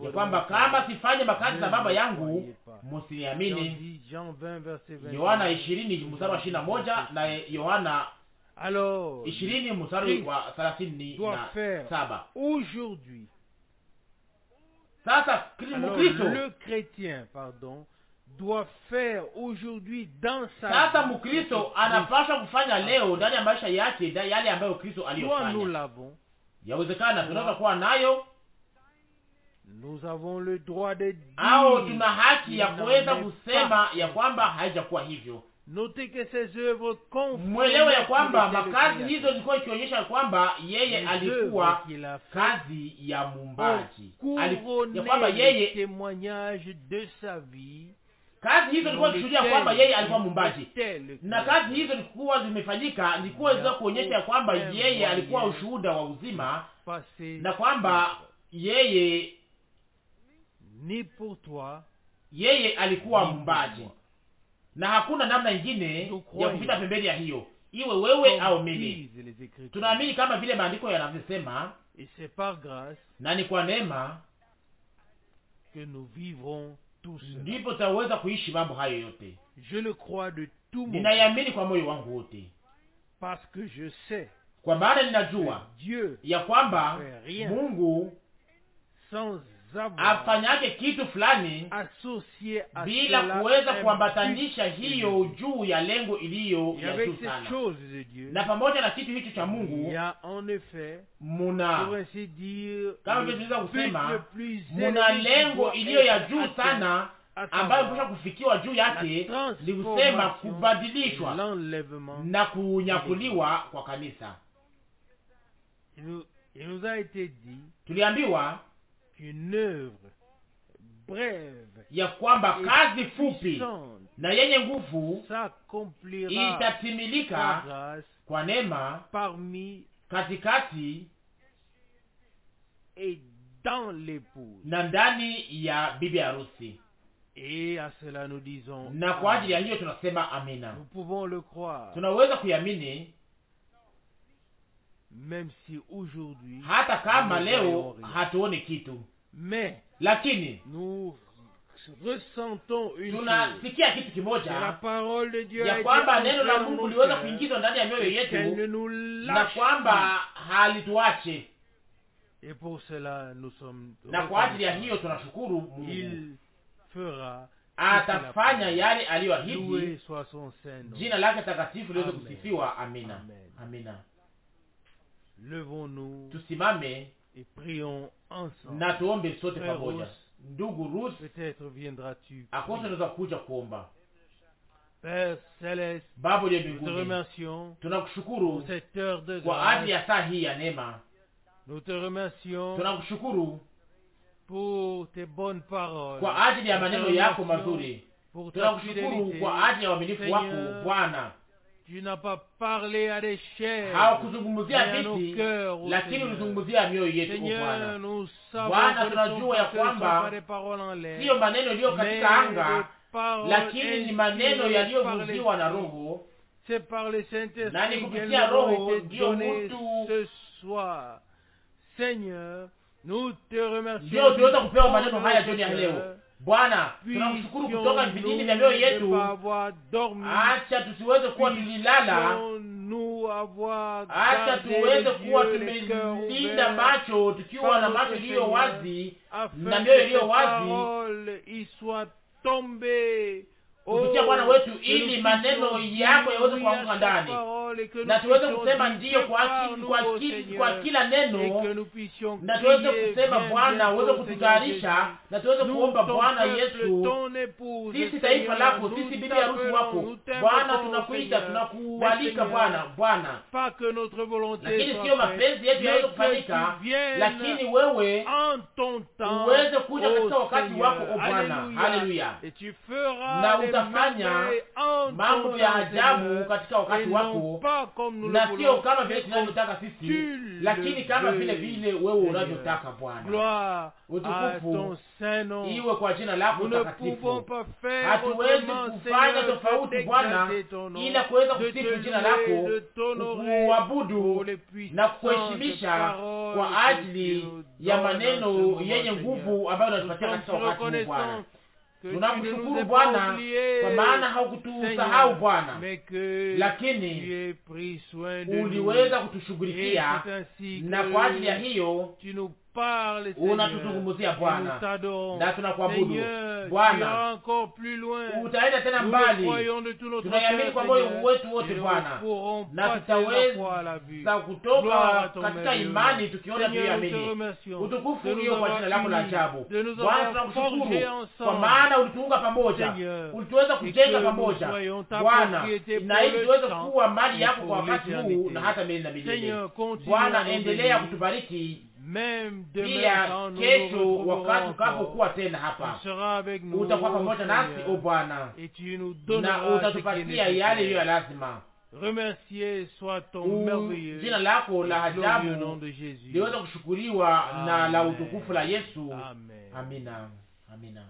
ni kwamba kama sifanye makazi za Baba yangu msiniamini. Yohana ishirini mstari wa ishirini na moja na Yohana ishirini mstari wa thelathini na saba. Sasa sasa Mkristo anapaswa kufanya leo ndani ya maisha yake yale ambayo Kristo aliyofanya. Yawezekana tunaweza kuwa nayo au tuna haki ya kuweza kusema ya kwamba haijakuwa hivyo mwelewe ya kwamba makazi hizo zilikuwa ikionyesha kwamba yeye alikuwa kazi ya mumbaji, ya kwamba yeye de sa vie kazi hizo ilikuwa kishuhudia kwamba yeye alikuwa mumbaji, na kazi hizo zilikuwa zimefanyika, zilikuwa ziweza kuonyesha ya kwamba yeye alikuwa ushuhuda wa uzima na kwamba yeye ni pour toi yeye alikuwa mumbaji na hakuna namna ingine ya kupita pembeni ya hiyo, iwe wewe au mimi. Tunaamini kama vile maandiko yanavyosema, na ni kwa neema ndipo taweza kuishi mambo hayo yote. Ninayamini kwa moyo wangu wote, kwa maana ninajua ya kwamba Mungu sans afanyake kitu fulani bila kuweza kuambatanisha hiyo juu ya lengo iliyo ya juu sana, na pamoja na kitu hicho cha Mungu muna kama vile tunaweza kusema muna lengo iliyo ya juu sana ambayo kusha kufikiwa juu yake ni kusema kubadilishwa na kunyakuliwa kwa kanisa. Tuliambiwa une œuvre ya kwamba kazi fupi na yenye nguvu itatimilika kwa neema katikati na ndani ya bibi harusi. Na kwa ajili ya hiyo tunasema amina, tunaweza kuiamini Même si aujourd'hui, hata kama leo hatuone kitu mais, lakini tunasikia kitu kimoja ya kwamba neno la Mungu liweza kuingizwa ndani ya mioyo yetu na kwamba halituache, na kwa ajili ya hiyo tunashukuru Mungu. Atafanya yale aliyoahidi. Jina lake takatifu liweze kusifiwa. Amina, amina. Levons-nous, tusimame et prions ensemble. na tuombe sote pamoja. Ndugu Ruth, peut-être viendras-tu akose unaweza kuja kuomba. Père Celeste, ya nous te remercions tunakushukuru pour cette heure de kwa ajili grâce. ya saa hii ya neema, Nous te remercions tunakushukuru pour tes bonnes paroles, kwa ajili ya maneno yako mazuri, pour ta tunakushukuru fidélité. kwa ajili ya uaminifu wako Bwana tu n'as pas parlé à des chairs, hawakuzungumzia viti, lakini ulizungumzia mioyo yetu. Bwana, Bwana, tunajua ya kwamba siyo maneno yaliyo katika anga, lakini ni maneno yaliyovuziwa na Roho na ni kupitia Roho ce soir. Seigneur, nous te remercions. Ndio tuweza Bwana, tunamshukuru kutoka vitini vya mioyo yetu. Acha tusiweze kuwa tulilala, acha tuweze kuwa tumelinda macho, tukiwa na macho iliyo wazi na mioyo iliyo wazi kupitia oh, Bwana wetu, ili maneno yako yaweze kuanguka ndani na tuweze kusema ndiyo kwa, kwa, kwa kila neno, na tuweze kusema Bwana uweze kututayarisha, na tuweze kuomba Bwana Yesu, sisi taifa lako, sisi bibi harusi wako Bwana, tunakuita tunakualika Bwana, Bwana, lakini sio mapenzi yetu yaweze kufanyika, lakini wewe uweze kuja katika wakati wako, o Bwana. Haleluya na unaweza mambo ya ajabu katika wakati wako, na sio kama vile tunavyotaka sisi, lakini kama vile vile wewe unavyotaka. Bwana, utukufu iwe kwa jina lako takatifu. Hatuwezi kufanya tofauti Bwana, ila kuweza kusifu jina lako, kuabudu na kuheshimisha kwa ajili ya maneno yenye nguvu ambayo unatupatia katika wakati Bwana. Tunakushukuru Bwana kwa maana haukutusahau Bwana, lakini uliweza kutushughulikia, na kwa ajili ya hiyo unatuzungumzia Bwana na tunakuabudu Bwana. Utaenda tena mbali, tunayamini kwa moyo wetu wote Bwana, na tutaweza kutoka katika imani tukiona tuliamini. Utukufu ulio kwa jina lako la ajabu Bwana, tunakushukuru kwa maana ulituunga pamoja, ulituweza kujenga pamoja Bwana, na ili tuweze kuwa mali yako kwa wakati huu na hata milele na milele Bwana. Endelea kutubariki pia kesho wakati utakapokuwa tena hapa, utakuwa pamoja nasi, o oh Bwana, na utatupatia yale hiyo ya lazima. Jina lako la ajabu liweza kushukuriwa na la utukufu la Yesu. Amina, amina.